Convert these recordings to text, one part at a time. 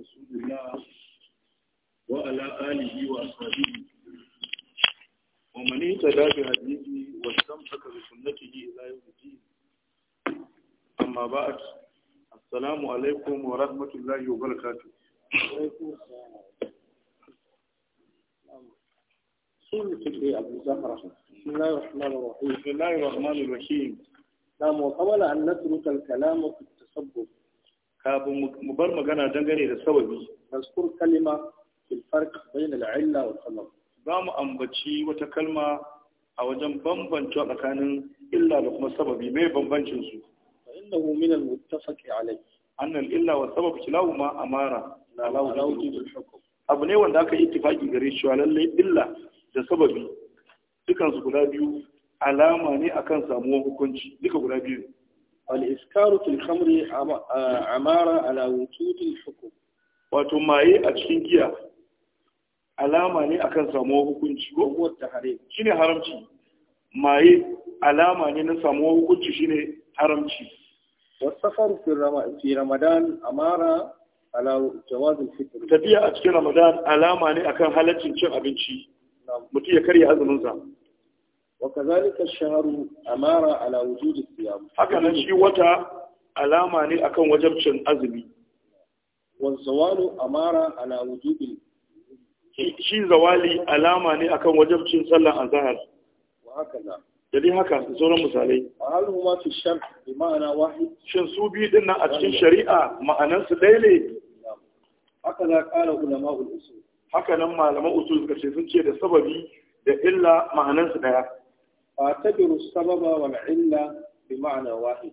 رسول الله وعلى آله وأصحابه ومن اهتدى بهديه واستمسك بسنته إلى يوم الدين أما بعد السلام عليكم ورحمة الله وبركاته سورة أبو زهرة بسم الله الرحمن الرحيم بسم الله الرحمن الرحيم نعم وقبل أن نترك الكلام في التسبب kafin mu bar magana dangane da sababi naskur kalima fil farq bayna al illa wa sabab za mu ambaci wata kalma a wajen bambancin tsakanin illa da kuma sababi mai bambancin su fa innahu min al muttafaqi alayhi an al illa wal sabab kilahuma amara la la wujud al hukm abu ne wanda aka yi ittifaki gare shi lalle illa da sababi dukansu guda biyu alama ne akan samuwar hukunci duka guda biyu al-iskaru fil khamri amara ala wujudil hukum wato maye a cikin giya alama ne akan samuwar hukunci ko wata haramci maye alama ne samuwar hukunci shine haramci wasafaru fi ramadan amara ala jawazin fitr tafiya a cikin ramadan alama ne akan halaccin cin abinci mutum ya karya azumin sa وكذلك الشهر أمارة على وجود الصيام هكذا شي وتا علامة ني وجب شن أزمي والزوال أمارة على وجود shi زوالي alama ne وجب شن صلى azhar wa hakaza jadi haka sauran misalai a halin fi shan bi ma'ana wahid shin su bi din a cikin shari'a ma'anan su dai ne haka na kala ulama usul haka nan malaman usul suka ce sun ce da sababi da illa ma'anan su daya فاعتبروا السبب والعلة بمعنى واحد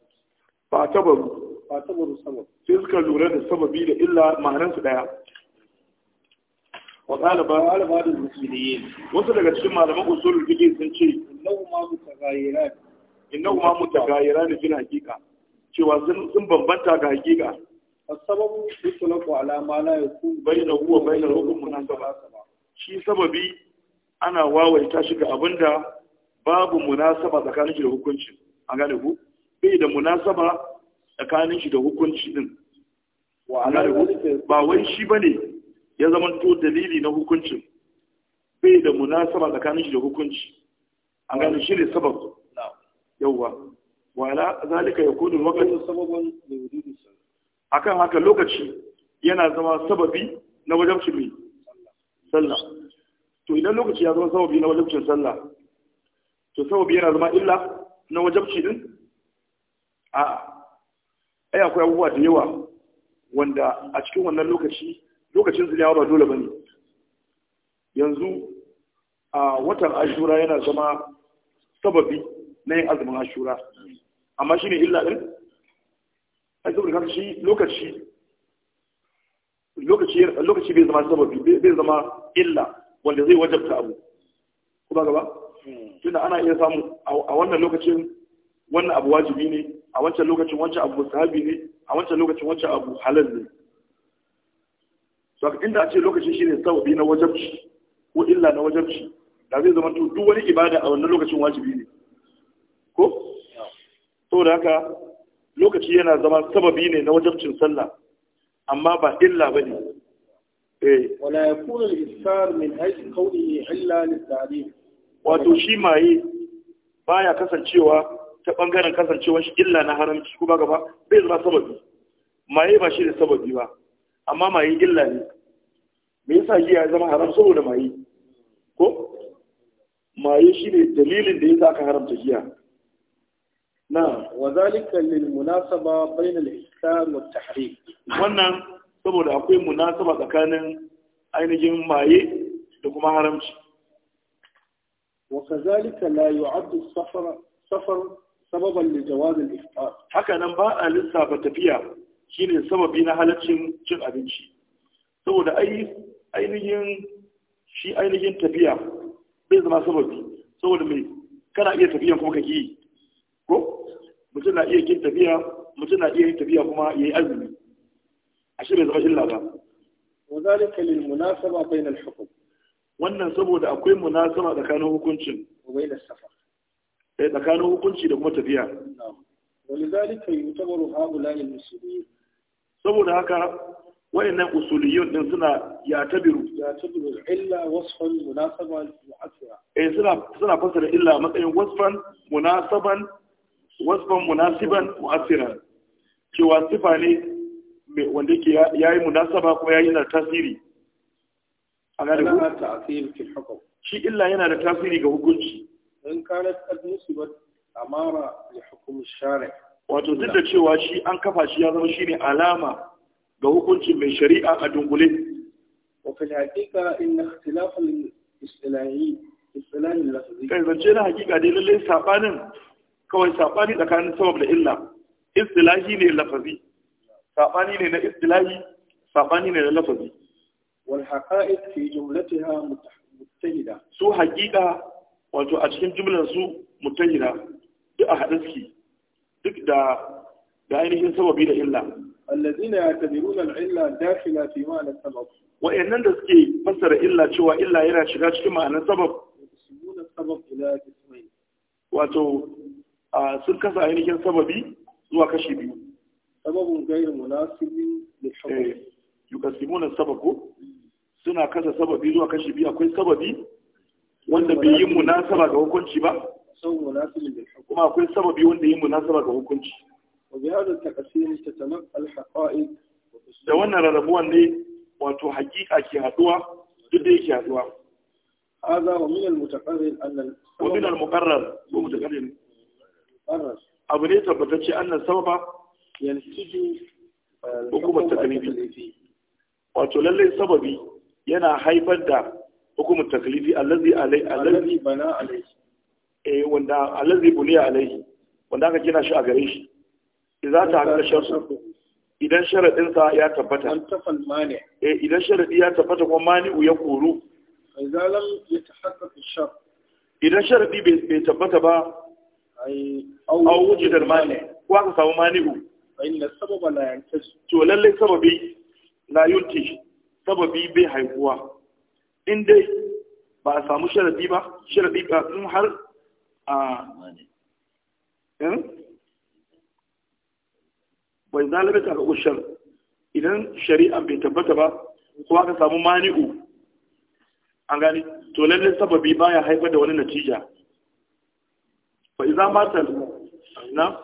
فاعتبروا فاعتبروا السبب تلك لورا السبب إلا إلا معنى سدايا وقال بقال بعض المسلمين وصل لك شيء لما أصول الفقه سنشي إنه ما متغيران إنه ما متغيران في الحقيقة cewa سنبا بنتا كحقيقة السبب sababu على ما لا يكون بين هو وبين bainal hukm munasaba shi sababi ana wawaita shi ga babu munasaba tsakanin shi da hukunci a gane ku bai da munasaba tsakanin shi da hukunci din wa gane ku ba wai shi bane ya zama to dalili na hukuncin bai da munasaba tsakanin shi da hukunci a gane shi ne sabab yawwa wa ala zalika yakunu waqtu sababan li wujudi akan haka lokaci yana zama sababi na wajabcin sallah to idan lokaci ya zama sababi na wajabcin sallah to sababi yana zama illa na wajabci din a ai akwai abubuwa da yawa wanda a cikin wannan lokaci lokacin zuriya ba dole bane yanzu a watan ashura yana zama sababi na yin azumin ashura amma shi ne illa ɗin ai saboda shi lokaci lokaci lokaci bai zama sababi bai zama illa wanda zai wajabta abu kuma gaba tunda ana iya samu a wannan lokacin wannan abu wajibi ne a wancan lokacin wancan abu sahabi ne a wancan lokacin wancan abu halal ne so inda a ce lokacin ne sababi na wajabci ko illa na wajabci da zai zama duk wani ibada a wannan lokacin wajibi ne ko saboda haka lokaci yana zama sababi ne na wajabcin sallah amma ba illa bane eh wala yakunu al-iftar min ajli qawlihi illa lit-ta'rif wato shi maye baya kasancewa ta bangaren kasancewa shi illa na haramci ko ba gaba bai zama sababi maye ba shi da sababi ba amma maye illa ne me yasa giya ya zama haram saboda maye ko maye shi ne dalilin da yasa aka haramta giya na wa zalika lil munasaba bayna al ihsan wa tahrim wannan saboda akwai munasaba tsakanin ainihin maye da kuma haramci وكذلك لا يعد السفر سفر سببا لجواز الافطار haka nan ba a lissafa tafiya shine sababi na halaccin cin abinci saboda ainihin shi ainihin tafiya bai zama sababi saboda mai kana iya tafiyan kuma kake yi ko mutum na iya yin tafiya mutum na iya yin tafiya kuma yayi azumi ashe bai zama illa ba wa zalika lil munasaba bainal hukum wannan saboda akwai munasaba tsakanin hukuncin sai eh, tsakanin hukunci da kuma tafiya ولذلك يعتبر هؤلاء المسلمين saboda haka wayannan usuliyyun din suna ya tabiru ya tabiru illa wasfan munasaban mu'asira eh suna suna fasara illa matsayin wasfan munasaban wasfan munasiban mu'asira cewa sifa ne wanda yake yayi munasaba ko yayi na tasiri a gane ko shi illa yana da tasiri ga hukunci in kanat qad nusibat amara ya hukm share. wato duk da cewa shi an kafa shi ya zama shine alama ga hukuncin mai shari'a a dungule wa fil haqiqa in ikhtilaf al istilahi istilahi lafzi kai zance na hakika dai lallai sabanin kawai sabani tsakanin sabab da illa istilahi ne lafazi sabani ne na istilahi sabani ne na lafazi والحقائق في جملتها متحدة سو حقيقة wato a cikin jumlar su mutahira duk a haɗe suke duk da da ainihin sababi da illa allazina yatadiruna al-illa dakhila fi ma'na sabab wa'annan da suke fassara illa cewa illa yana shiga cikin ma'anar sabab yusmuna sabab ila ismail wato A sun kasa ainihin sababi zuwa kashi biyu sababun ghayr munasibin li yuqasimuna sababu suna kasa sababi zuwa kashi biyu akwai sababi wanda bai yi munasaba ga hukunci ba kuma akwai sababi wanda yi munasaba ga hukunci da wannan rarrabuwan ne wato hakika ke haduwa duk da yake haduwa هذا ومن المتقرر أن ومن المقرر هو متقرر أبنيت بتشي أن السبب ينتج حكم التقليدي wato lallai sababi yana haifar da hukumin taklifi allazi alai allazi bana alai eh wanda allazi buniya alai wanda aka gina shi a gare shi idan ta hakka sharsu idan sharadin sa ya tabbata an tafal mani eh idan sharadi ya tabbata kuma mani'u ya koru idan lam yatahaqqaq ash-shart idan sharadi bai tabbata ba ai au wujidal mani ko aka samu mani fa inna sababa la yantasu to lallai sababi la yunti sababi bai haihuwa in dai ba a samu sharadi ba sharadi ba in har a bai eh? zalabe ta ga shar idan shari'a bai tabbata ba ko aka samu mani'u an gani to lalle sababi baya haifar da wani natija fa idza matal na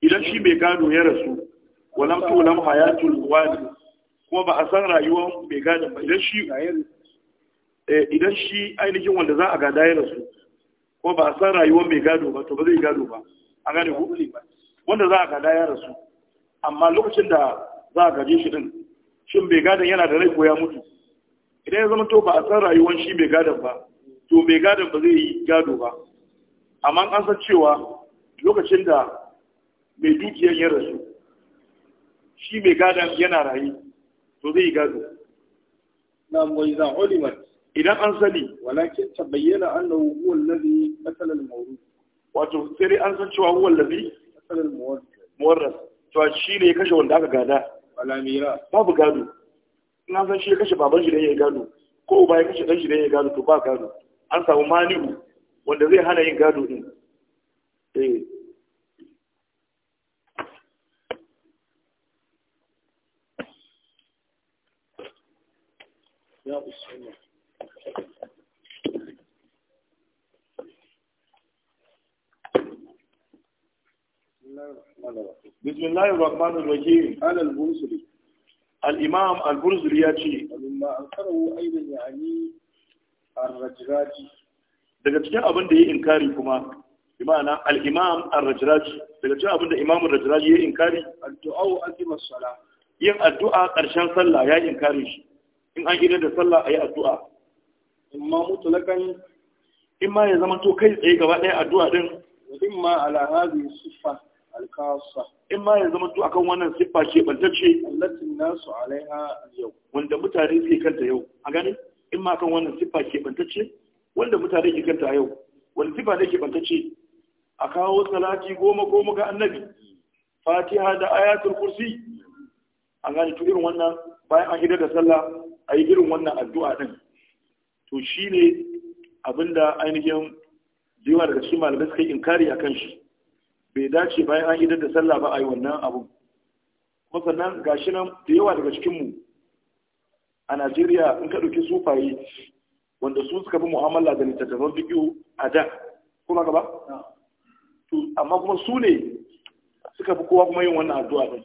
idan shi bai gado ya rasu walam lam hayatul wali kuma ba a san rayuwar mai gadon ba idan shi eh, idan shi ainihin wanda za a gada ya rasu ko ba a san rayuwar mai gado ba to ba zai gado ba a gane ko wanda za a gada ya rasu amma lokacin da za a gaje shi din shin mai gadon yana da rai ko ya mutu idan ya zama to ba a san rayuwar shi mai gadon ba to mai gadon ba zai yi gado ba amma an san cewa lokacin da mai dukiyar ya rasu shi mai gadon yana rayu to zai gado na mai za ulimat idan an sani walakin ta bayyana annahu huwa allazi qatala al-mawrud wato sai an san cewa huwa allazi qatala al-mawrud muwarras to shi ne kashe wanda aka gada wala mira babu gado na san shi kashe baban shi da ya gado ko uba ya kashe dan shi da ya gado to ba gado an samu mani'u wanda zai hana yin gado din eh ya usulla بسم الله الرحمن الرحيم قال البرزري الإمام البرزري ياتي مما أنكره أيضا يعني الرجراجي daga cikin abin da ya inkari kuma imana al-imam ar-rajraji daga cikin abin da imam ar-rajraji ya inkari addu'a wa azima sala yin addu'a karshen sallah ya inkari shi in an gidan da sallah a yi addu'a in ma mutu mutulakan in ma ya zama to kai tsaye gaba ɗaya addu'a din in ma ala siffa alkasa in ma ya zama to akan wannan siffa ke bantacce allatin nasu alaiha yau wanda mutane ke kanta yau a gani in ma akan wannan siffa ke bantacce wanda mutane ke kanta yau wani siffa ne ke bantacce a kawo salati goma goma ga annabi fatiha da ayatul kursi a gani to irin wannan bayan an hidar da sallah a yi irin wannan addu'a ɗin to shi ne abinda ainihin jiwa daga cikin malamai suka yi inkari a kan shi bai dace bayan an idar da sallah ba a yi wannan abun kuma sannan shi nan da yawa daga cikinmu a najeriya in ka ɗauki sufaye wanda su suka fi mu'amala da littattafan bidiyo a da kuma gaba amma kuma su ne suka fi kowa kuma yin wannan addu'a ɗin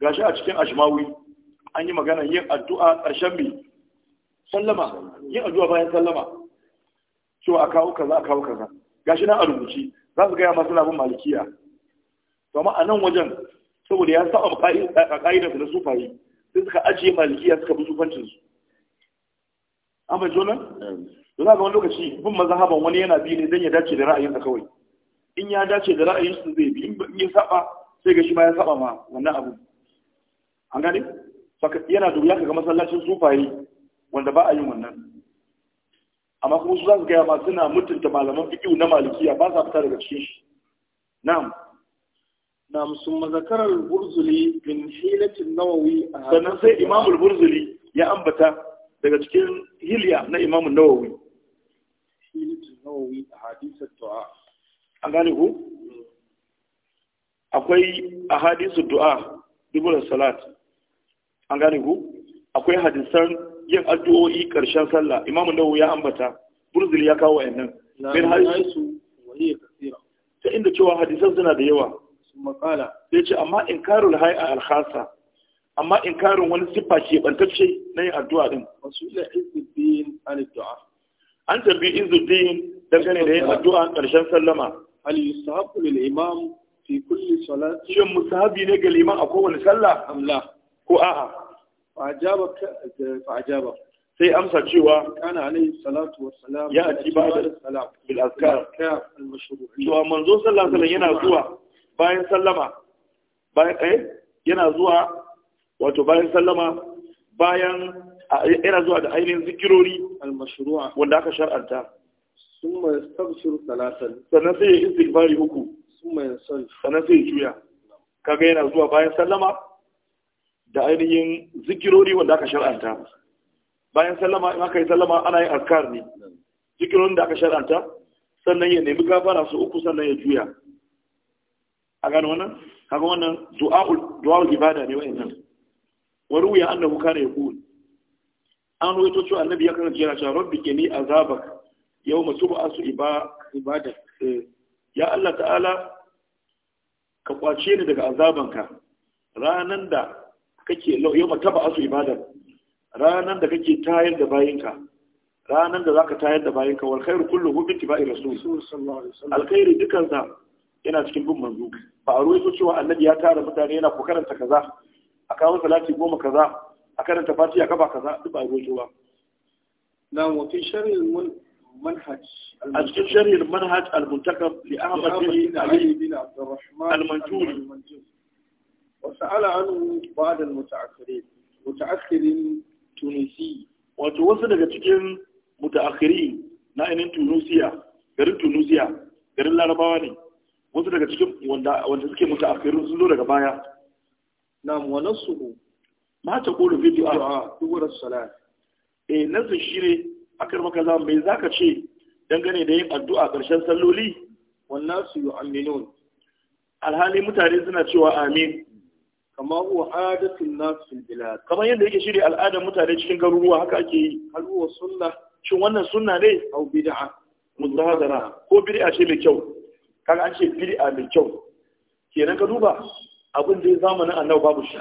gashi a cikin ashmawi an yi magana yin addu'a ƙarshen mi sallama yin addu'a bayan sallama cewa a kawo kaza a kawo kaza gashi na a rubuci za su gaya masu labin malikiya to amma a nan wajen saboda ya sa a da su na sufayi sai suka ajiye malikiya suka bi sufancin su an jona to za ga wani lokaci bin mazahaban wani yana bi ne don ya dace da ra'ayinsa kawai in ya dace da ra'ayinsu zai bi in ya saba sai ga shi ma ya saba ma wannan abu an gane yana da wuya kaga masallacin sufaye wanda ba a yin wannan amma kuma su za su gaya ma suna mutunta malaman fiƙiyu na malikiya ba sa fita daga cikin shi na'am na'am sun mazakarar burzuli min hilatin nawawi sannan sai imamul burzuli ya ambata daga cikin hilya na imamun nawawi hilatin nawawi a hadisar du'a an gane ku mm. akwai a hadisar du'a salat an gane ku akwai hadisan yin addu'o'i ƙarshen sallah imamu nawu ya ambata burzil ya kawo wayannan min hadisu waliya ta inda cewa hadisan suna da yawa Ya sai ce amma in inkarul hay'a a alhasa amma in inkarin wani siffa ke bantacce na yin addu'a din wasu ila izzuddin an du'a an tambayi dangane da yin addu'a ƙarshen sallama hal yusahabu lil imam fi kulli salati shin musahabi ne ga liman a kowane sallah ko a'a fa'ajaba ajaba sai amsa cewa kana alaihi salatu wa salam ya ba da salam bil azkar cewa manzo sallallahu alaihi yana zuwa bayan sallama bayan eh yana zuwa wato bayan sallama bayan yana zuwa da ainihin zikirori al-mashru'a wanda aka shar'anta summa yastaghfiru salatan sannan sai ya istighfari uku summa yansal sannan sai ya juya kaga yana zuwa bayan sallama da ainihin zikirori wanda aka shar'anta bayan sallama in aka yi sallama ana yin azkar ne zikirori da aka shar'anta sannan ya nemi gafara su uku sannan ya juya a gano wannan kaga wannan du'a'ul ibada ne nan. wa ruwiya annahu kana yaqul an ruwaito cewa annabi ya kasance yana cewa rabbi kini azabak yawma tub'asu ibada eh. ya Allah ta'ala ka kwace ni daga azabanka ranan da kake yau mataba asu ibadar ranan da kake tayar da bayinka ranan da zaka tayar da bayinka wal khairu kulluhu bi tibai rasul alkhairi dukan sa yana cikin bin manzo ba a ruwaito cewa annabi ya tara mutane yana ku karanta kaza a kawo salati goma kaza a karanta fatiha kafa kaza duk ba a ruwaito ba na wa fi shar'il manhaj أذكر شرح المنهج المنتخب لأحمد بن علي المنجوري وسأل عنه بعض المتأخرين متأخرين تونسي wato wasu daga cikin mutaakhiri na inin garin larabawa ne wasu daga cikin wanda wanda suke mutaakhirin sun zo daga baya nam wa nasuhu ma ta qulu fi du'a duwar salat eh nasu shire akar maka za mai zaka ce dangane da yin addu'a karshen salloli wannan su yu'minun alhali mutane suna cewa amin kama huwa adatun nasu fil bilad kamar yadda yake shirya al'adar mutane cikin garuruwa haka ake yi hal huwa sunna shin wannan sunna ne aw bid'a mustahadara ko bid'a ce mai kyau kaga an ce bid'a mai kyau kenan ka duba abin da ya zamanin annabi babu shi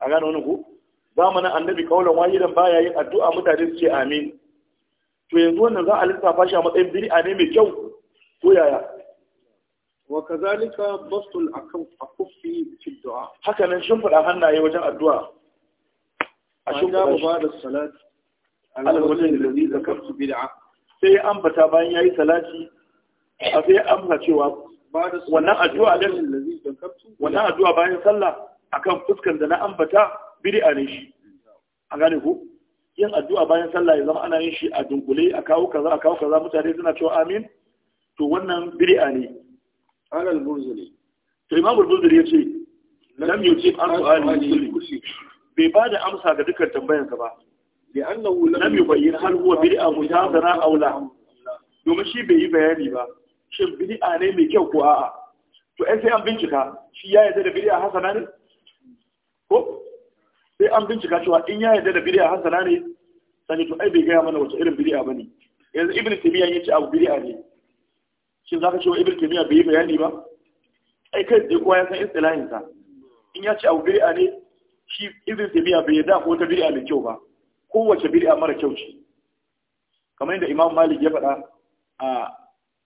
a gane wani ku zamanin annabi kaulan wahidan baya yin addu'a mutane su ce amin to yanzu wannan za a lissafa shi a matsayin bid'a ne mai kyau ko yaya wa بسط bastul في الدعاء du'a من nan shimfida hannaye wajen addu'a a shimfida ba da salat ala wajen da zai zakartu bid'a sai ambata bayan yayi salati a sai amsa cewa wannan addu'a bayan sallah akan fuskan da na yin addu'a bayan sallah ya zama ana yin shi a dunkule a kawo kaza a kawo kaza mutane suna cewa amin to wannan bid'a ne قال البرزلي الإمام البرزلي يقول لم يجيب عن سؤال bai ba da amsa ga dukkan tambayansa ba لأنه لم يبين هل هو بدعة مجازرة أو لا domin shi bai yi bayani ba shin bid'a ne mai kyau ko a'a to sai an bincika shi ya yarda da bid'a hasana ne in ya ne sani to ai bai gaya mana wace irin bid'a bane yanzu ibnu ya ce abu bid'a ne shin za ka ce wa ibn taymiya bai yi bayani ba ai kai zai kuwa ya san istilahin sa in ya ce abu a ne shi ibn miya bai yarda ko ta a mai kyau ba kowace bira mara kyau ce kamar yadda imam malik ya faɗa a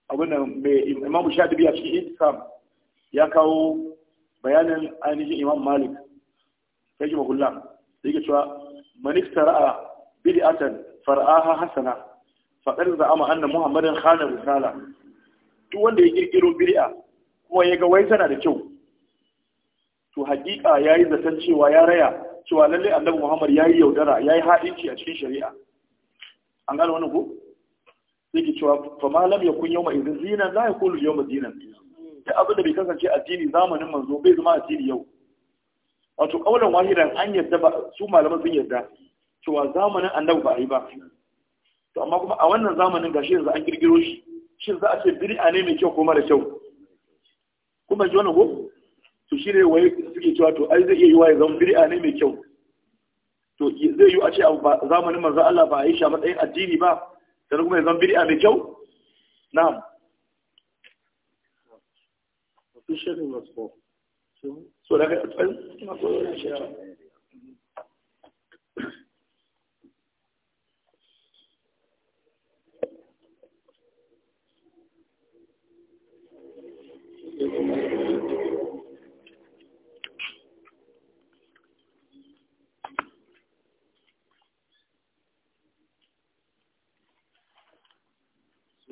abin nan mai imam shadibi a cikin intisam ya kawo bayanin ainihin imam malik sai jima kula. sai ke cewa manik tara'a bid'atan far'aha hasana faɗar da ama anna muhammadin khana risala duk wanda ya girgiro bir'a, kuma ya ga wai tana da kyau to hakika yayi zaton cewa ya raya cewa lalle annabi Muhammad yayi yaudara yayi ci a cikin shari'a an ga wannan ko sai ki cewa fa ma lam yakun yawma idhin zina la yakulu yawma zina da abin da bai kasance addini zamanin manzo bai zama addini yau wato kaulan wahidan an yadda ba su malaman sun yadda cewa zamanin annabi ba a yi ba to amma kuma a wannan zamanin gashi yanzu an girgiro shi shin za a ce a ne mai kyau ko mara kyau kuma ji wani ko to shi ne waye suke cewa to ai zai iya waye zan biri a ne mai kyau to zai yi a ce a zamanin manzan Allah ba a yi shi a matsayin addini ba sannan kuma ya biri a mai kyau na'am so daga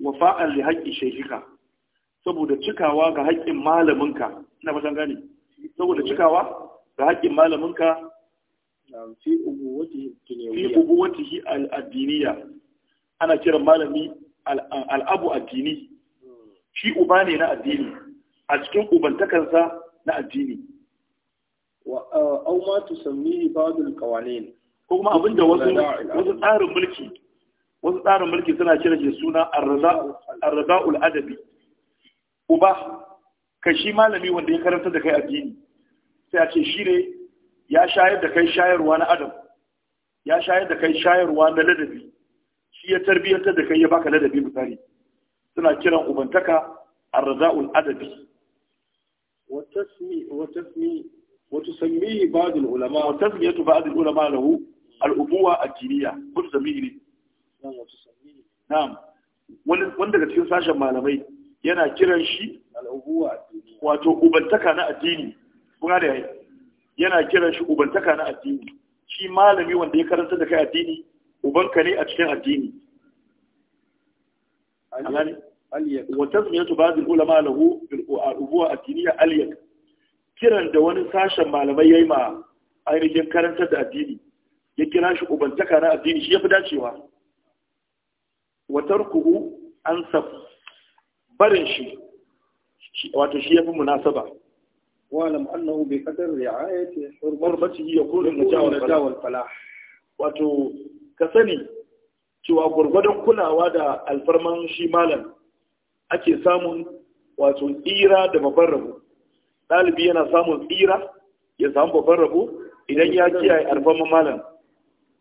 wafa'an li haƙƙi shehika saboda cikawa ga haƙƙin malaminka ina ba san gane saboda cikawa ga haƙƙin malaminka fi ubuwatihi shi al'adiniya ana kiran malami al'abu addini shi uba ne na addini a cikin ubantakansa na addini Wa’au eh, ma tusammi ba'dul qawanin ko kuma abinda wasu tsarin mulki wasu tsarin mulki suna cire shi suna arraza'ul adabi uba ka shi malami wanda ya karanta da kai addini sai a ce shi ne ya shayar da kai shayarwa na adam ya shayar da kai shayarwa na ladabi shi ya tarbiyyantar da kai ya baka ladabi misali suna kiran ubantaka arraza'ul adabi وتسميه بعض العلماء وتسمية بعض العلماء له الأبوة الدينية كل زميلي na'am wani daga cikin sashen malamai yana kiran shi wato ubantaka na addini kuma da yana kiran shi ubantaka na addini shi malami wanda ya karanta da kai addini ubanka ne a cikin addini Wata ba وتسمية بعض العلماء له addini الدينية أليك kiran da wani sashen malamai ya yi ma ainihin karantar da addini ya kira shi ubantaka na addini shi ya fi dacewa wa an sab barin shi wato shi yafi munasaba wa'lam annahu bi qadar ri'ayati hurmatihi jawal jawal falah wato ka sani cewa gurgurdan kulawa da alfarman shi malam ake samun wato tsira da babban rabo dalibi yana samun tsira ya samu babban rabo idan ya kiyaye alfarman malam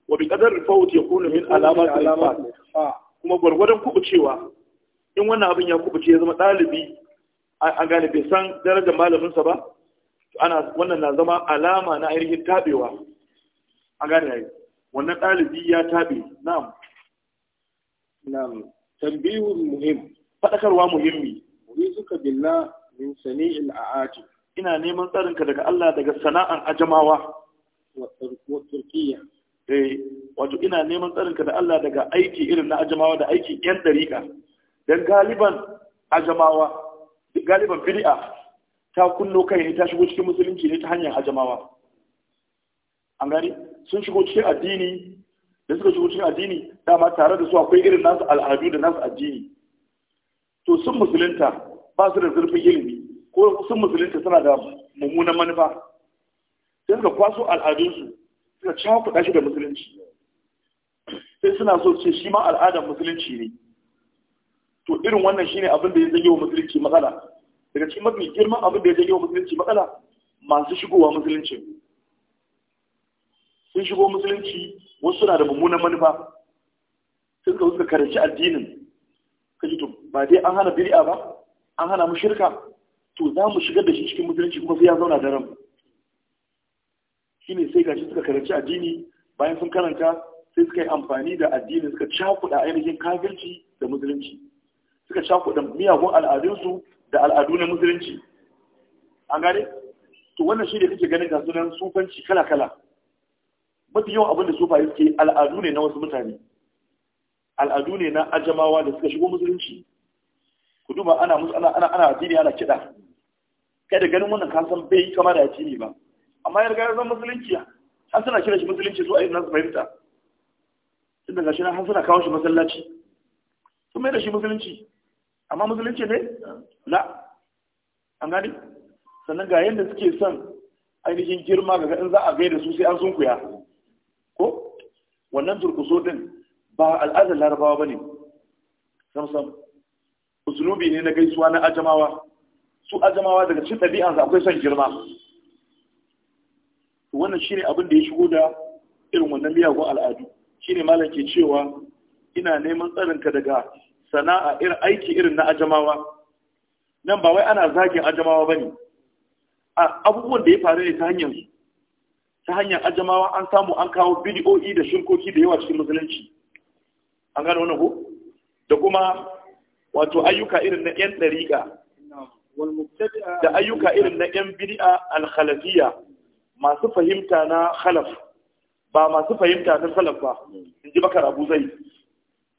wa bi qadar fawt yakunu min alamat al kuma gwargwadon kubucewa in wannan abin ya kubuce ya zama ɗalibi a gane bai san darajar malaminsa ba ana wannan na zama alama na ainihin tabewa a gane yayi wannan ɗalibi ya tabe na'am na'am tambihu muhim fadakarwa muhimmi suka billa min sani'il aati ina neman tsarinka daga Allah daga sana'an ajamawa wa turkiya eh wato ina neman tsarinka da Allah daga aiki irin na ajamawa da aiki yan dariƙa dan galiban ajamawa galiban bid'a ta kullo kai ne ta shigo cikin musulunci ne ta hanyar ajamawa an gani sun shigo cikin addini da suka shigo cikin addini dama tare da su akwai irin nasu al'adu da nasu addini to sun musulunta ba su da zurfin ilimi ko sun musulunta suna da mummunan manufa sai suka kwaso al'adunsu suka cewa kuɗa shi da musulunci sai suna so ce shi ma al'adar musulunci ne to irin wannan shine abin da ya zage wa musulunci matsala daga cikin mafi girman abin da ya zage wa musulunci matsala masu shigowa musulunci sun shigo musulunci wasu suna da mummunan manufa sun ka suka karanci addinin kaji to ba dai an hana bid'a ba an hana mu shirka to za mu shigar da shi cikin musulunci kuma sai ya zauna da ranmu shine sai gashi suka karanci addini bayan sun karanta sai suka yi amfani da addini suka cakuɗa ainihin kafirci da musulunci suka cakuɗa miyagun al'adunsu da al'adu na musulunci an gane to wannan shi ne kake ganin ga sunan sufanci kala kala mafi yawan abin da sufa suke al'adu ne na wasu mutane al'adu ne na ajamawa da suka shigo musulunci ku duba ana ana ana addini ana kiɗa kai da ganin wannan kasan bai kama da addini ba amma ya riga ya zama musulunci har suna kira shi musulunci su a irin nasu fahimta tun daga shi har suna kawo shi masallaci sun mai da shi musulunci amma musulunci ne la an gani sannan ga yadda suke son ainihin girma ga in za a gaida su sai an sunkuya ko wannan turkuso din ba al'adar larabawa ba ne samsam usulubi ne na gaisuwa na ajamawa su ajamawa daga cikin ɗabi'ansa akwai son girma Wannan wannan shine abin da ya shigo da irin wannan miyagun al'adu shine malam ke cewa ina neman tsarinka daga sana'a irin aiki irin na ajamawa nan ba wai ana zagin ajamawa bane a abubuwan da ya faru ne ta hanyar su ta hanyar ajamawa an samu an kawo bidiyoyi da shirkoki da yawa cikin musulunci an gano wani ko da kuma wato ayyuka irin na yan dariƙa da ayyuka irin na yan bid'a al-khalafiyya masu fahimta na khalaf ba masu fahimta na salaf ba in ji bakar abu zai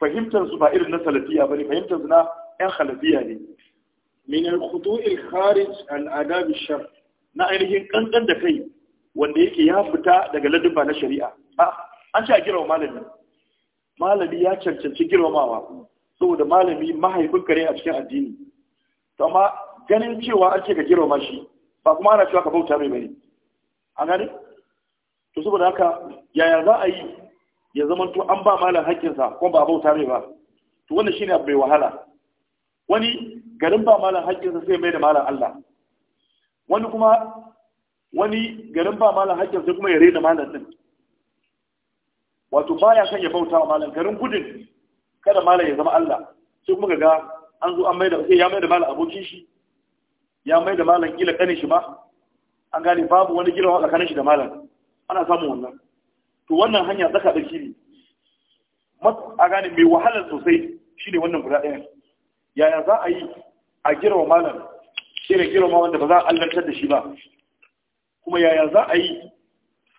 fahimtar su ba irin na salafiya ba ne fahimtar su na yan khalafiya ne min al-khudu'il kharij al adab shar na ainihin kankan da kai wanda yake ya fita daga ladabba na shari'a ah, an ce a girma malami malami ya cancanci girmamawa saboda malami mahaifin kare a cikin addini amma ganin cewa an ce ka girma shi ba kuma ana cewa ka bauta mai bane a gani to saboda haka yaya za a yi ya zama to an ba malam haƙƙinsa ko ba a bauta mai ba to wannan shine abu mai wahala wani garin ba malam haƙƙinsa sai mai da malam Allah wani kuma wani garin ba malam haƙƙinsa kuma ya rena malam din wato baya kan ya bauta wa malam garin gudun kada malam ya zama Allah sai kuma ga an zo an mai da sai ya mai da malam abokin shi ya mai da malam kila kanin shi ba an gane babu wani girma tsakanin shi da malam ana samun wannan to wannan hanya tsaka da ne a gane mai wahalar sosai shine wannan guda ɗayan yaya za a yi a girma malam shi ne girma wanda ba za a allantar da shi ba kuma yaya za a yi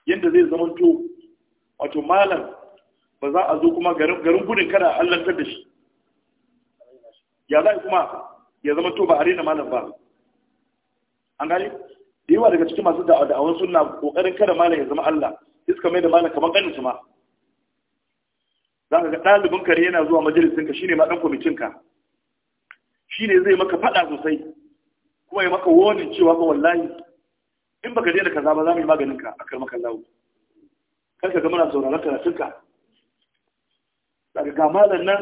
yadda zai zamanto wato malam ba za a zo kuma garin gudun kada a allantar da shi ya za a kuma ya zama to ba a rena malam ba an gane yawa daga cikin masu da'awar suna kokarin kada malam ya zama Allah iska mai da malam kamar ganin su ma za ka ga ɗalibin kare yana zuwa majalisinka shi ne ma ɗan kwamitinka shi ne zai maka faɗa sosai kuma ya maka wonin cewa ba wallahi in baka daina kaza ba za mu yi maganinka a karmakan lawo kar ka ga muna sauraron karatunka daga ga malam nan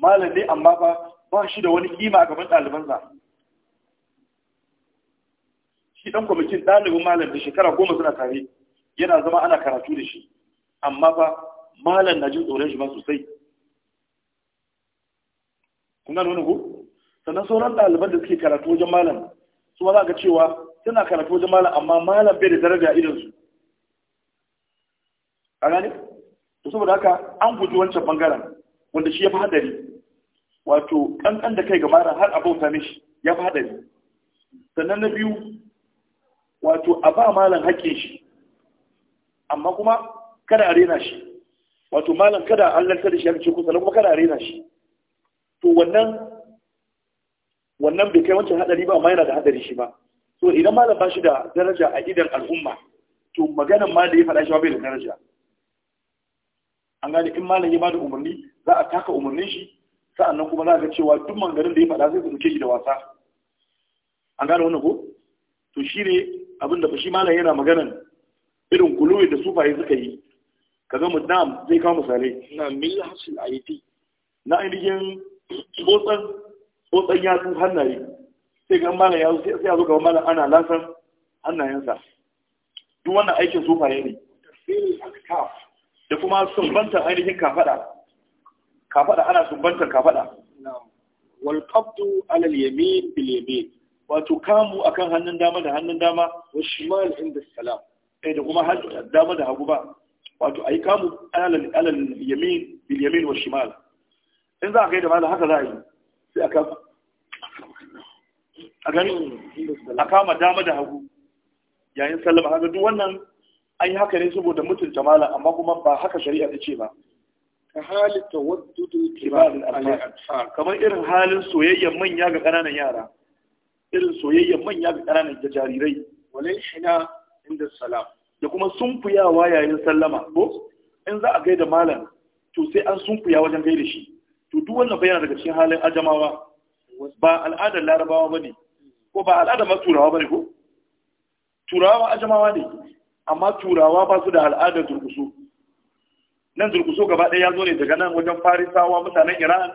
malam ne amma ba ba shi da wani kima a gaban ɗalibansa shi dan kwamitin ɗalibin malam da shekara goma suna tare yana zama ana karatu da shi amma fa malam na jin tsoron shi ma sosai kun gano wani ku? sannan sauran ɗaliban da suke karatu wajen malam su ma za ga cewa suna karatu wajen malam amma malam bai da daraja a su. a gane to saboda haka an guji wancan bangaren wanda shi ya fi hadari wato ɗan da kai ga malam har abauta mishi ya fi hadari sannan na biyu wato a ba malam haƙƙin shi amma kuma kada a rena shi wato malam kada a allantar da shi a cikin kusa kuma kada a rena shi to wannan wannan bai kai wancan hadari ba mai yana da hadari shi ba so idan malam ba shi da daraja a idan al'umma to maganan ma da ya faɗa shi bai da daraja an gane in malam ya bada umarni za a taka umarnin shi sa'annan kuma za a ga cewa duk mangarin da ya faɗa zai su shi da wasa an gane wannan ko to shi ne abinda ba shi malam yana maganan irin kuluwe da sufaye suka yi ka mu na zai kawo misalai na a hasil aidi na ainihin tsotsan tsotsan su hannaye sai ga malam ya zo sai ya zo ga malam ana lasan hannayensa duk wannan aikin sufaye ne da kuma sumbanta ainihin kafada kafada ana sumbantar kafada Na qabdu alal yamin bil yamin wato kamu akan hannun dama da hannun dama wa shimal inda salam eh da kuma dama da hagu ba wato ayi kamu alal alal yamin bil yamin wa shimal in za ka yi da mala haka za a yi sai aka a gani a kama dama da hagu yayin sallama haka duk wannan an yi haka ne saboda mutunta mala amma kuma ba haka shari'a ta ce ba ka halitta wadda kamar irin halin soyayyar manya ga ƙananan yara irin soyayyar manya ga ƙananan da jarirai walin shina inda salam da kuma sunfuyawa yayin sallama ko in za a gaida malam to sai an sunfuya wajen gaida shi to duk wannan bayana daga cikin halin ajamawa ba al'adar larabawa bane ko ba al'adar ma turawa bane ko turawa ajamawa ne amma turawa ba su da al'adar durkusu nan durkusu gaba ɗaya ya zo ne daga nan wajen farisawa mutanen iran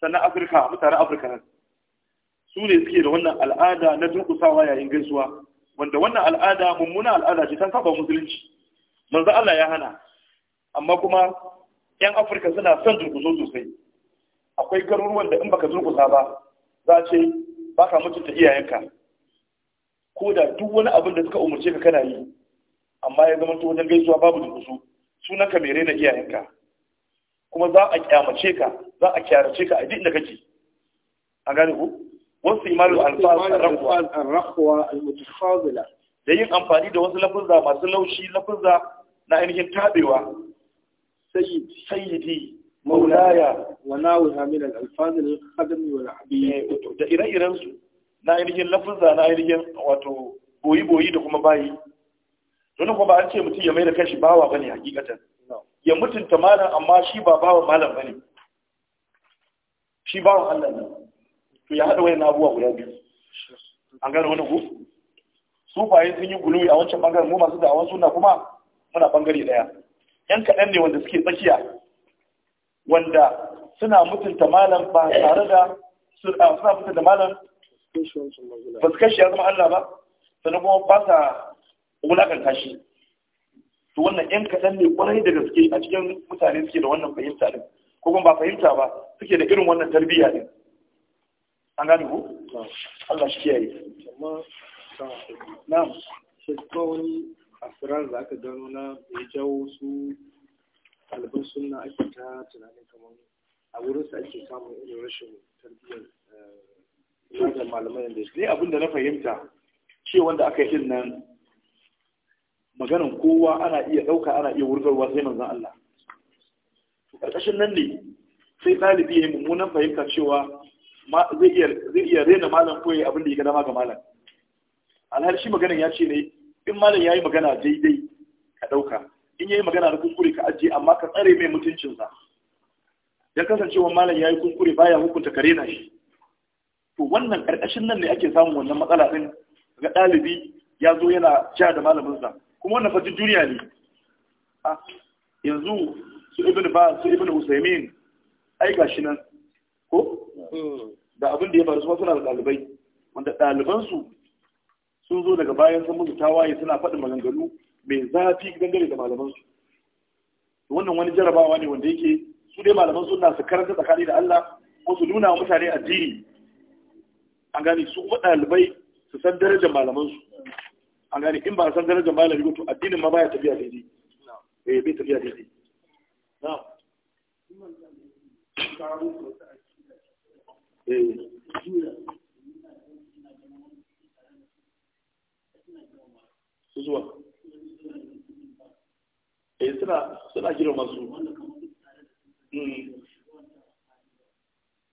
sannan afirka mutanen afirka nan su ne suke da wannan al'ada na durkusawa yayin gaisuwa wanda wannan al'ada mummuna al'ada ce ta saba musulunci manzo Allah ya hana amma kuma yan Afirka suna son durkuso sosai akwai garuruwan da in baka durkusa ba za ce baka mutunta iyayenka ko da duk wani abin da suka umarce ka kana yi amma ya zama to wajen gaisuwa babu durkuso sunan ka mere na iyayenka kuma za a kyamace ka za a kyarace ka a duk inda kake an gane ku wasu imalu alfaz arrahuwa almutakhazila da yin amfani da wasu lafuzza masu laushi lafuzza na ainihin tabewa sayyidi maulaya wa nawiha min al-alfaz al wal habib eh, da ire-iren su na ainihin lafuzza na ainihin wato boyi boyi da kuma bayi don kuma ba an ce mutum ya mai da kashi bawa bane hakikatan ya mutunta malam amma shi ba bawa malam bane shi bawa Allah ne to ya haɗa wayan abubuwa guda biyu an gane wani ku sufaye sun yi gulu a wancan bangaren mu masu da'awan suna kuma muna bangare ɗaya yan kaɗan ne wanda suke tsakiya wanda suna mutunta malam ba tare da suna mutunta malam ba su kashi ya zama Allah ba sannan kuma ba sa wulakan shi to wannan yan kaɗan ne kwarai da gaske a cikin mutane suke da wannan fahimta din ko kuma ba fahimta ba suke da irin wannan tarbiyya din an gane ku Allah shi kiyaye na shi ko wani asirar da aka gano na ya jawo su ɗaliban sunna ake ta tunanin kamar a wurin su ake samun irin rashin tarbiyyar da eh, malamai da ne abin da na fahimta ce wanda aka yi nan maganin kowa ana iya ɗauka ana iya wurgarwa sai manzan Allah ƙarƙashin nan ne sai ɗalibi ya yi mummunan fahimta cewa zai iya rena malam ko abin da ya gada ga malam alhali shi maganan ya ce ne in malam ya yi magana daidai ka ɗauka in ya yi magana da kuskure ka ajiye amma ka tsare mai mutuncinsa Ya kasancewa malam ya yi kuskure baya hukunta ka rena shi to wannan ƙarƙashin nan ne ake samun wannan matsala ɗin ga ɗalibi ya zo yana ja da malaminsa kuma wannan fa duniya ne yanzu su ibn ba su ibn usaimin ai gashi nan ko Hmm. da abin da ya faru su suna da ɗalibai wanda ɗalibansu sun zo daga bayan sun musu tawaye suna faɗin maganganu mai zafi dangane da malamansu wannan wani jarabawa ne wanda yake su dai malaman suna su karanta tsakani da Allah ko su nuna wa mutane addini an gane su kuma ɗalibai su san darajar malamansu an gane in ba a san darajar malami ba to addinin ma baya tafiya daidai eh bai tafiya daidai na'am zuwa eh suna suna masu to hmm.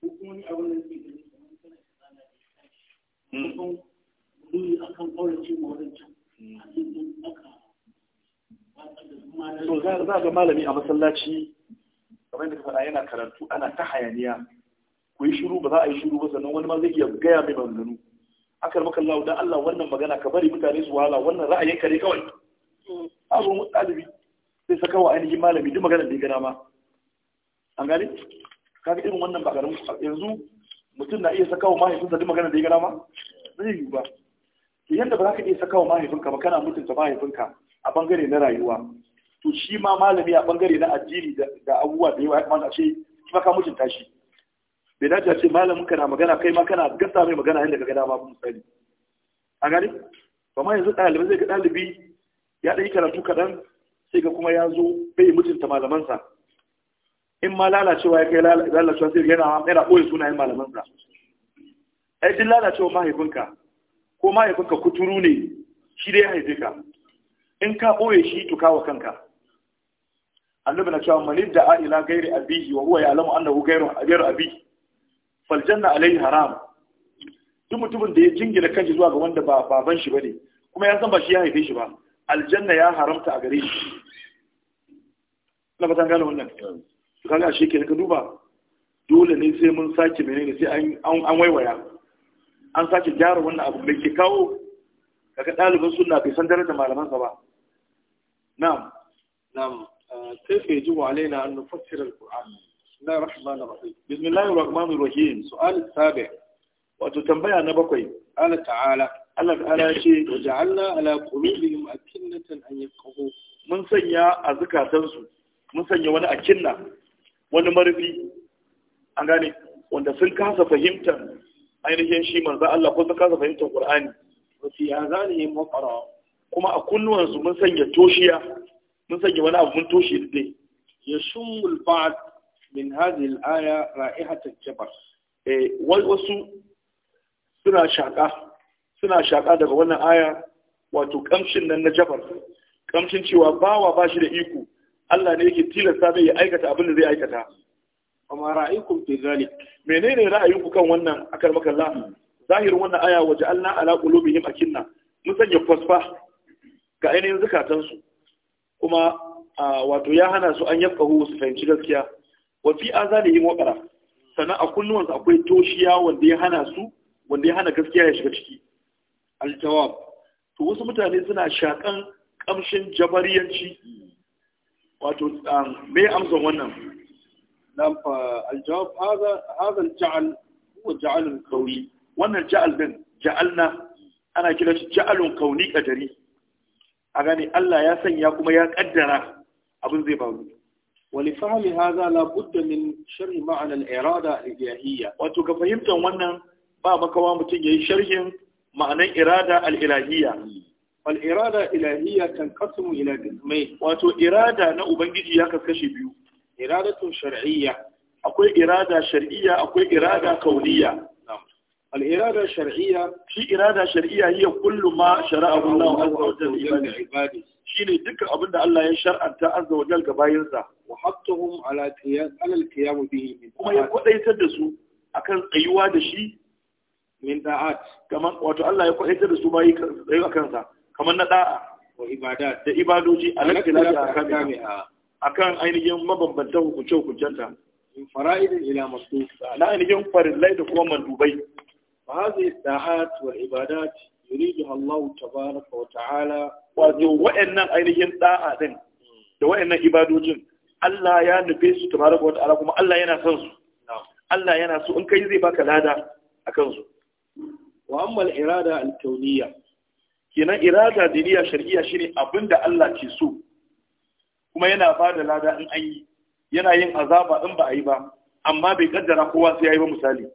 hmm. za ga malami a masallaci kamar da faɗa yana karatu ana ta hayaniya ku yi shiru ba za a yi shiru ba sannan wani ma zai iya gaya mai maganganu akar maka Allah dan Allah wannan magana ka bari mutane su wahala wannan ra'ayin ka ne kawai zo hmm. mu dalibi sai saka wa ainihin malami duk maganar da ya gana ma an gane ga irin wannan ba yanzu mutum na iya saka wa sa duk maganar da ya gana ma zai yi ba to yadda ba za ka iya saka wa mahaifinka ba kana mutunta mahaifinka a bangare na rayuwa to shi ma malami a bangare na addini da abubuwa da yawa ya kamata a ce kuma ka mutunta shi bai dace a ce malamin na magana kai ma kana gasa mai magana yadda ka ga dama misali a gani ma yanzu ɗalibai zai ga ɗalibi ya ɗan yi karatu kaɗan sai ga kuma ya zo bai mutunta malamansa in ma lalacewa ya kai lalacewa sai yana yana ɓoye sunayen malamansa ai duk lalacewa mahaifinka ko mahaifinka kuturu ne shi dai ya haife ka in ka ɓoye shi to kawo kanka annabi na cewa manin da a ila gairi abihi wa huwa lamu annahu gairu abihi faljanna alaihi haram duk mutumin da ya jingina kanshi zuwa ga wanda ba baban shi bane kuma ya san ba shi ya haife shi ba aljanna ya haramta a gare shi na fatan gane wannan to kaga shi ke ka duba dole ne sai mun sake menene sai an an waiwaya an sake gyara wannan abu mai ke kawo kaga ɗaliban sunna bai san darajar sa ba na'am na'am كيف ah, wa alaina an نفسر القرآن Bismillahi الرحمن الرحيم بسم الله الرحمن الرحيم سؤال السابع وتتنبيه نبقي قال تعالى Allah ta'ala ce wa ja'alna ala qulubihim akinnatan an yafqahu mun sanya a zukatan su mun sanya wani akinna wani marfi an gane wanda sun kasa fahimtar ainihin shi manzo Allah ko sun kasa fahimtar Qur'ani wa fi azanihim waqra kuma a kunnuwan su mun sanya toshiya mun sanya wani abu mun toshe dai ya shumul ba'd min hadhihi al-aya ra'ihat eh, wasu suna shaka suna daga wannan aya wato kamshin nan na jabar kamshin cewa bawa ba shi da iko Allah ne yake tilasta zai ya aikata abin da zai aikata amma ra'ayukum fi zalik menene ra'ayinku kan wannan akar makalla zahirin wannan aya waje Allah ala qulubihim akinna mun sanya fasfa ga ainihin zakatansu kuma ah, wato ya hana su an yafkahu su fahimci gaskiya wa fi azanihim waqara sannan a kunnuwansu akwai toshiya wanda ya hana su wanda ya hana gaskiya ya shiga ciki aljawab to wasu mutane suna shakan kamshin jabariyanci wato um, me amsan wannan nan fa aljawab hada hada alja'al huwa ja'alun kauni wannan ja'al din ja'alna ana kira shi ja'alun kauni kadari a gani Allah ya sanya kuma ya kaddara abin zai faru ولفهم هذا لابد من شرح معنى الإرادة الإلهية وتكفهمت وانا بابا كوام تجي شرح معنى إرادة الإلهية فالإرادة الإلهية تنقسم إلى قسمين واتو إرادة نأبنجي ياكس كشبيو إرادة شرعية أقول إرادة شرعية أقول إرادة كونية الإرادة الشرعية في إرادة شرعية هي كل ما شرعه الله عز وجل لعباده shine dukkan abin da Allah ya shar'anta azza wa ga bayinsa wa haqqahum ala qiyam ala qiyam bihi kuma ya kwadaitar da su akan tsayuwa da shi min da'at kamar wato Allah ya kwadaitar da su bayi tsayu akan sa kamar na da'a wa ibadat da ibadoji ala qiyam akan ainihin mabambantan hukunce hukuncenta min fara'id ila masdud ala ainihin farillai da kuma mandubai fa hadhihi da'at wal ibadat yuridu Allah tabaraka wa ta'ala wato wa'annan ainihin da'a din da wa'annan ibadojin Allah ya nufi su tabaraka wa ta'ala kuma Allah yana son su Allah yana so in kai zai baka lada akan su wa amma al-irada al-kawniyya kenan irada diniya shar'iyya shine abinda Allah ke so kuma yana ba da lada in an yi yana yin azaba in ba a yi ba amma bai kaddara kowa sai ya yi ba misali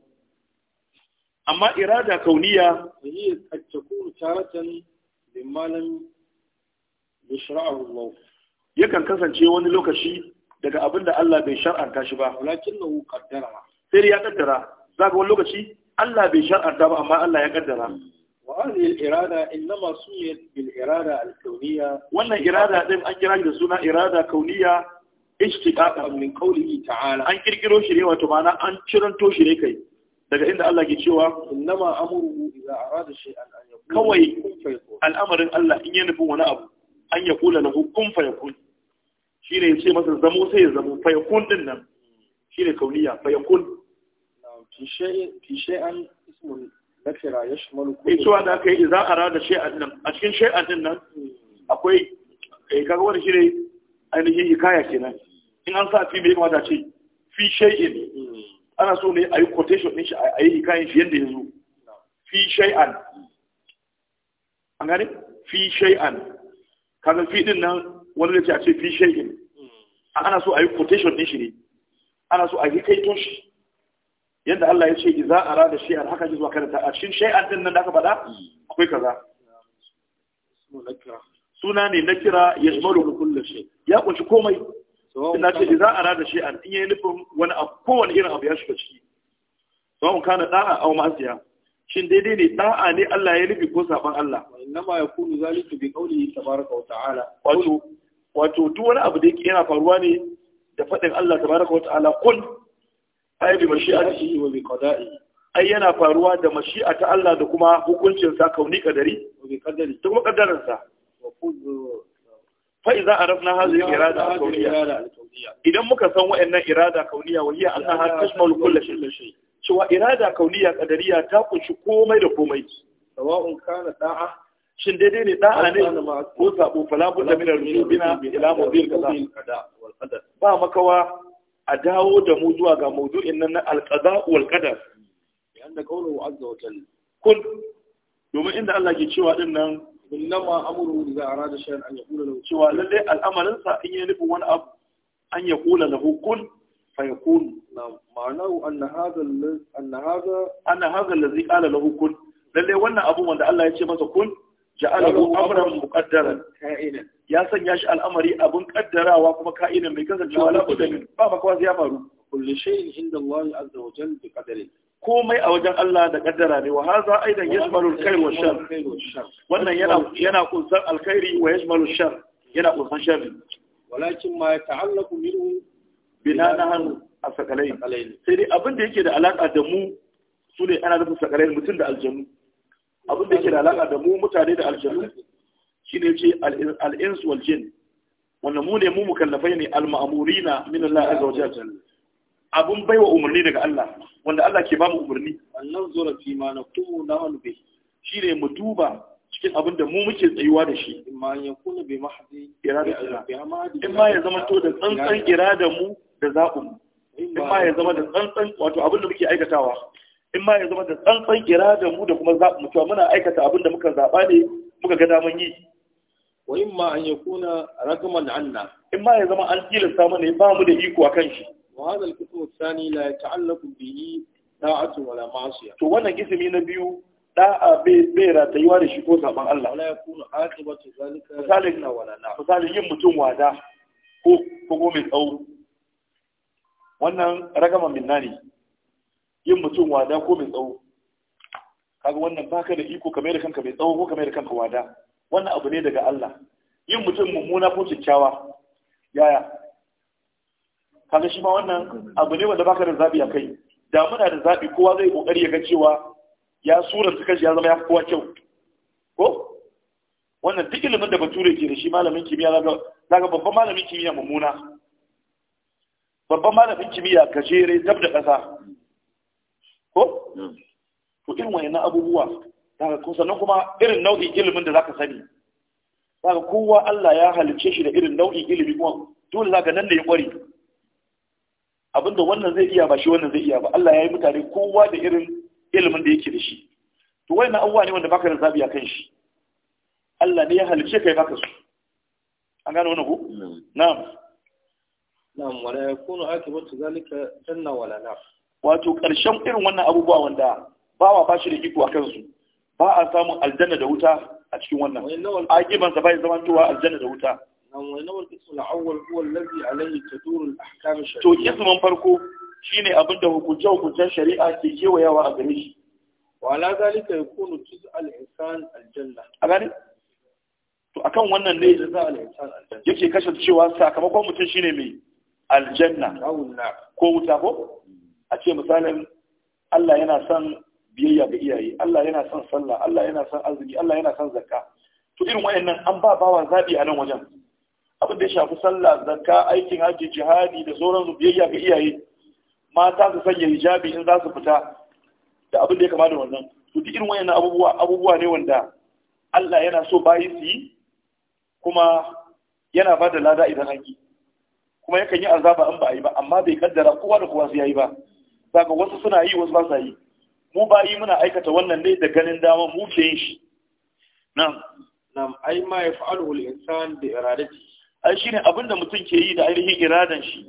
amma irada kauniya hiya qad taratan yakan kasance wani lokaci daga abin da Allah bai shar'anta shi ba walakinnahu qaddara sai ya kaddara zaka wani lokaci Allah bai shar'anta ba amma Allah ya kaddara وهذه hmm. الإرادة irada سميت an الكونية da suna irada أجرى لسنا إرادة كونية اشتقاقا من قوله تعالى أن كركرو شري an ciranto shi ne kai. daga inda Allah ke cewa innama amruhu idza arada shay'an an yakun kawai al'amarin Allah in ya nufi wani abu an ya kula lahu kun fa yakun shine yace masa zamo sai ya zamo fa din nan shine kauniya fa yakun fi shay'in fi shay'an ismun nakira yashmalu kullu cewa da kai idza arada shay'an nan a cikin shay'an din nan hmm. akwai kai eh, kaga wani shine ainihin hikaya kenan in an sa fi bai kamata ce fi shay'in hmm. ana so ne a yi quotation ɗin shi a yi hikayen shi yadda ya zo fi shay'an an gane fi shay'an kaga fi din nan wani da ce a ce fi shay'in ana so a yi quotation ɗin shi ne ana so a yi kaiton shi yadda Allah ya ce idza arada shay'an haka ji zuwa karanta a cikin shay'an din nan da aka faɗa akwai kaza suna ne na kira ya kullum. ya kunshi komai ina ce idan ara da shi an in yi nufin wani abu kowane irin abu ya shiga ciki sawun kana da'a aw ma'asiya shin daidai ne da'a ne Allah ya nufi ko saban Allah ya kunu zalika bi kauli tabaraka wa ta'ala wato wato duk wani abu da yake yana faruwa ne da fadin Allah tabaraka wa ta'ala kun ay bi mashi'ati wa bi qada'i ai yana faruwa da mashi'a ta Allah da kuma hukuncin sa kauni kadari wa bi qadari da kuma kaddarin sa fa'i za a rafna hazi irada a kauniya idan muka san waɗannan irada kauniya wa hiya annaha tashmalu kulli shay cewa irada kauniya kadariya ta kunshi komai da komai sawa'un kana shin daidai ne da'a ne ko sabo ba a dawo da mu zuwa ga domin inda Allah ke cewa din nan innama amruhu idza arada shay'an an yaqula lahu cewa lalle al'amarin sa in ya nufi wani abu an yaqula lahu kun fayakun ma'anahu anna hadha anna hadha anna hadha alladhi qala lahu kun lalle wannan abu wanda Allah ya ce masa kun ja'alahu amran muqaddaran ka'inan ya sanya shi al'amari abun kaddarawa kuma kaina mai kasancewa la budda min ba makawa ya faru kullu shay'in inda Allah azza wa jalla bi qadari komai a wajen Allah da kaddara ne wa haza aidan yashmalul khair wa shar wannan yana yana kunsan alkhairi wa yashmalul shar yana kunsan shar walakin ma ta'allaqu minhu bina nahnu asakalai sai dai abin da yake da alaka da mu su ne ana nufin sakalai mutum da aljanu abin da yake da alaka da mu mutane da aljanu shine ce al-ins wal jin wannan mu ne mu mukallafai ne al-ma'murina min Allah azza wa jalla abun baiwa umarni daga Allah wanda Allah ke bamu umarni annan zura fi ma na kuma na hannu bai shi ne mu duba cikin abin da mu muke tsayuwa da shi in ma ya kuna bai mahadi irada Allah in ma ya zama to da tsantsan irada mu da zaɓin mu in ma ya zama da tsantsan wato abin da muke aikatawa in ma ya zama da tsantsan irada mu da kuma zaɓin mu to muna aikata abin da muka zaɓa ne muka ga daman yi wa in ma an yakuna ragman anna in ma ya zama an tilasta mana ba mu da iko akan shi وهذا الكتب الثاني لا يتعلق به طاعة ولا معصية وانا wannan kisimi na biyu da'a bai ratayuwa da shi ko saban Allah wala yakunu aqibatu zalika misalin na wala na misalin yin mutum wada ko ko tsawo wannan minna ne kaga wannan baka da iko kamar da kanka mai tsawo ko kamar da kanka wada wannan abu ne daga Allah yin mutum mummuna ko kyakkyawa yaya kaga shi ma wannan abu ne wanda baka da zabi a kai da muna da zabi kowa zai kokari ya ga cewa ya sura su kashi ya zama ya fi kowa kyau ko wannan duk ilimin da bature ke da shi malamin kimiyya zaga zaga babban malamin kimiyya mummuna babban malamin kimiyya gajere dab da kasa ko hmm. to irin wayannan abubuwa daga kun sannan kuma irin nau'in ilimin da zaka sani daga kowa Allah ya halicce shi da irin nau'in ilimi kuma dole zaka nan da ya kware abinda wannan zai iya ba shi wannan zai iya ba Allah ya yi mutane kowa da irin ilimin da yake da shi to na abubuwa ne wanda baka da zabi kan shi Allah ne ya halice kai baka su an gane wannan ko na'am na'am wala yakunu akibatu zalika janna wala na wato karshen irin wannan abubuwa wanda ba wa bashi da iko akan su ba a samun aljanna da wuta a cikin wannan akibansa bai zama cewa aljanna da wuta wannan kismul awwal huwa allazi to kisman farko shine abinda hukunce hukuncen shari'a ke kewayawa a gare shi wa ala zalika ya juz al al’insan aljanna. a gani? to akan wannan ne yake kashe cewa sakamakon mutum shine mai aljanna ko wuta ko a ce misalin Allah yana son biyayya ga iyaye Allah yana son sallah Allah yana son arziki, Allah yana son zakka to irin nan an ba bawa zaɓi a nan wajen abin da ya shafi sallah zakka aikin haji jihadi da sauran zubiyayya biyayya ga iyaye mata su sanya hijabi in za su fita da abin da ya kama da wannan su duk irin wayannan abubuwa ne wanda Allah yana so bayi su yi kuma yana ba da lada idan an yi kuma yakan yi azaba an ba a yi ba amma bai kaddara kowa da kowa su yayi ba zaka wasu suna yi wasu ba sa yi mu bayi muna aikata wannan ne da ganin dama mu ke yin shi nan na'am ai ma ya al-insan bi iradatihi ai shi ne abinda mutum ke yi da ainihin iradan shi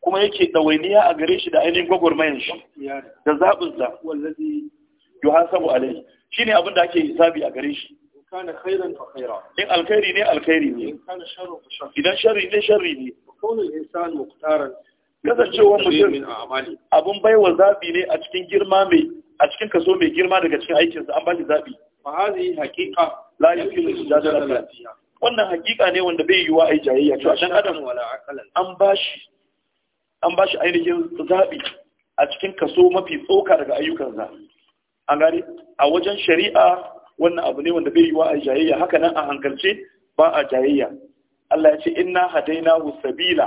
kuma yake ɗawainiya a gare shi da ainihin gwagwarmayan shi da zaɓinsa samu alai shi ne abinda ake hisabi a gare shi in alkhairi ne alkhairi ne idan sharri ne sharri ne kasancewar mutum abin baiwa zaɓi ne a cikin girma mai a cikin kaso mai girma daga cikin aikinsa an ba shi zaɓi fa hazi haqiqa la yumkinu da wannan hakika ne wanda bai yiwa ai jayayya to dan adam wala aqalan an bashi an bashi ainihin zabi a cikin kaso mafi tsoka daga ayyukan za. an gari a wajen shari'a wannan abu ne wanda bai yiwa ai jayayya haka nan a hankalce ba a jayayya Allah ya ce inna hadainahu sabila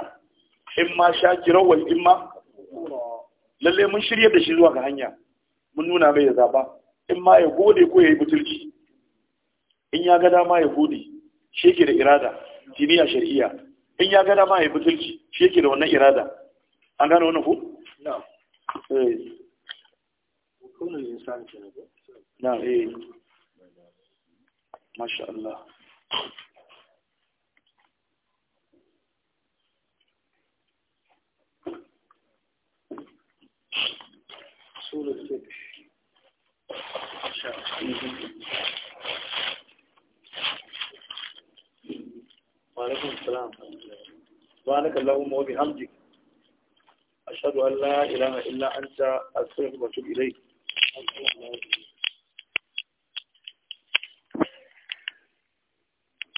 imma shakira wal imma lalle mun shirye da shi zuwa ga hanya mun nuna mai ya zaba in ma ya gode ko ya yi butulci in ya ga dama ya gode shi yake da irada kimiyya shari'iyya in ya ga ma ya butulci shi yake da wannan irada an gane wannan ku? wa alaikum salam subhanaka allahumma wa bihamdik ashhadu an la ilaha anta astaghfiruka